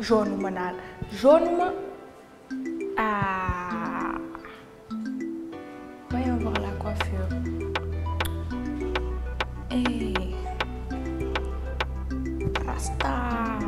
Jaune Jaune. ah voyons voir la coiffure eh rasta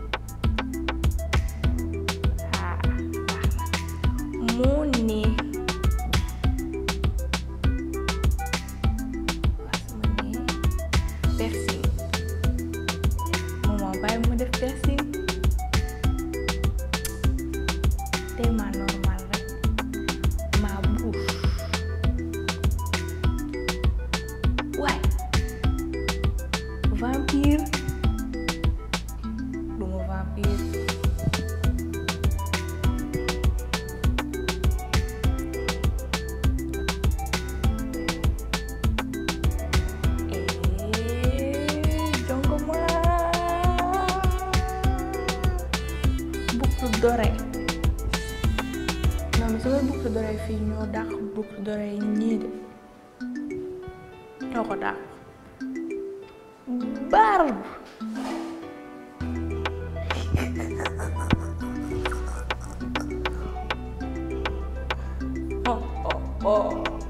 vai modificar-se assim. tema normal mabuk uai vampir doré. Non, mais sama boucle d'oreille fii ñoo dàq boucle d'oreille ñii de ñoo barbe oh oh oh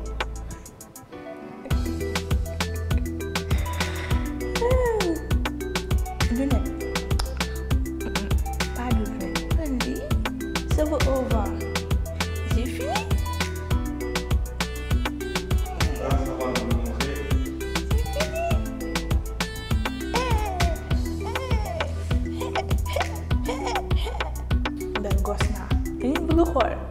一会儿。